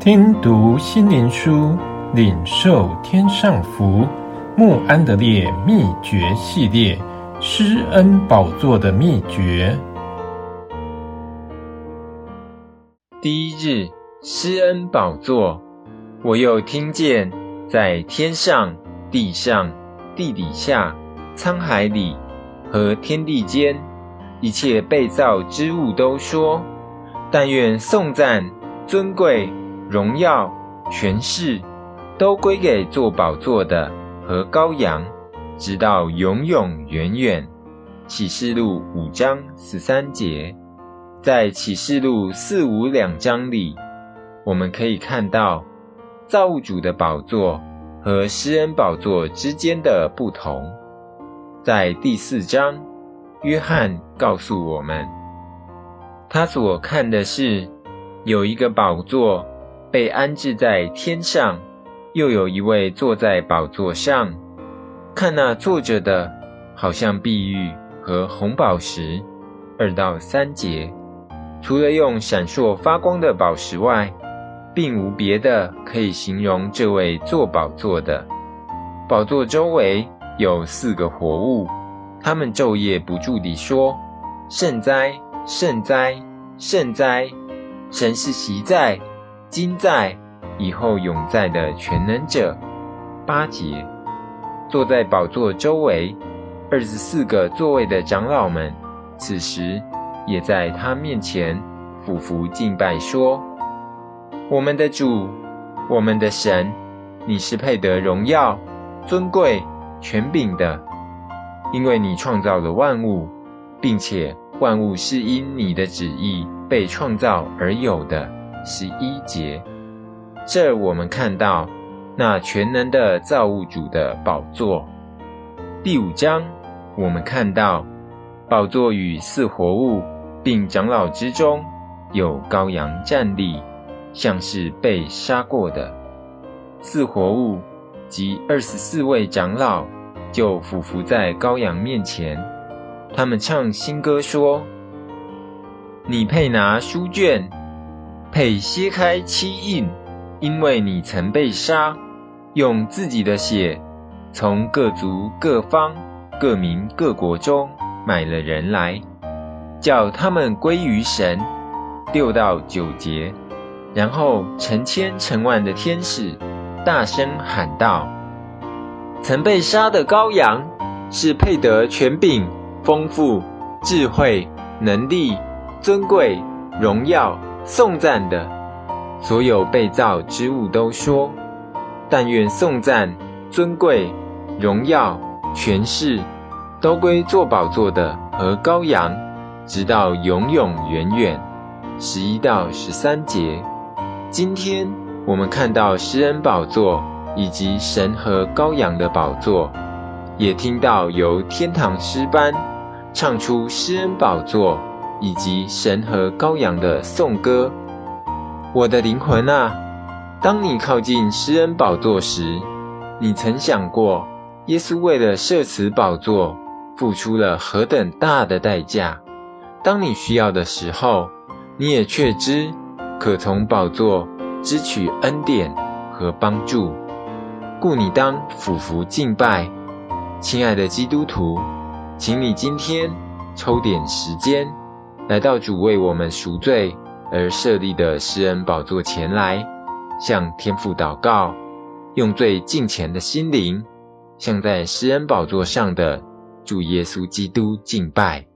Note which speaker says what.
Speaker 1: 聽讀心靈書，領受天上福。慕安德烈秘訣系列《施恩寶座的秘訣》。第一日，施恩寶座。我又聽見，在天上、地上、地底下、滄海裡和天地間，一切被造之物都說：“但願頌讚、尊貴。”榮耀、權勢都歸給坐寶座的和羔羊，直到永永遠遠。啟示錄五章十三節，在啟示錄四五兩章裡，我們可以看到造物主的寶座和施恩寶座之間的不同。在第四章，約翰告訴我們，他所看的是有一個寶座。被安置在天上，又有一位坐在寶座上，看那坐着的，好像碧玉和紅寶石。二到三節，除了用閃爍發光的寶石外，並無別的可以形容這位坐寶座的。寶座周圍有四個活物，他們晝夜不住地說：“聖哉，聖哉，聖哉！神是昔在。”今在，以後永在的全能者八節，坐在寶座周圍二十四個座位的長老們，此時也在他面前俯伏敬拜，說：“我們的主，我們的神，你是配得榮耀、尊貴、權柄的，因為你創造了萬物，並且萬物是因你的旨意被創造而有的。”十一節，這我們看到那全能的造物主的寶座。第五章，我們看到寶座與四活物並長老之中，有羔羊站立，像是被殺過的。四活物及二十四位長老就俯伏在羔羊面前，他們唱新歌說：“你配拿書卷。”配揭開七印，因為你曾被殺，用自己的血，從各族、各方、各民、各國中買了人來，叫他們歸於神，六到九節，然後成千成萬的天使大聲喊道：“曾被殺的羔羊，是配得權柄、豐富、智慧、能力、尊貴、榮耀。”頌讚的，所有被造之物都說：“但願頌讚、尊貴、榮耀、權勢，都歸坐寶座的和羔羊，直到永永遠遠。”十一到十三節。今天我們看到施恩寶座以及神和羔羊的寶座，也聽到由天堂詩班唱出施恩寶座。以及神和羔羊的頌歌。我的靈魂啊，當你靠近施恩寶座時，你曾想過耶穌為了設此寶座，付出了何等大的代價？當你需要的時候，你也確知可從寶座支取恩典和幫助。故你當俯伏敬拜，親愛的基督徒，請你今天抽點時間。來到主為我們贖罪而設立的施恩寶座前來，向天父禱告，用最敬虔的心靈，向在施恩寶座上的主耶穌基督敬拜。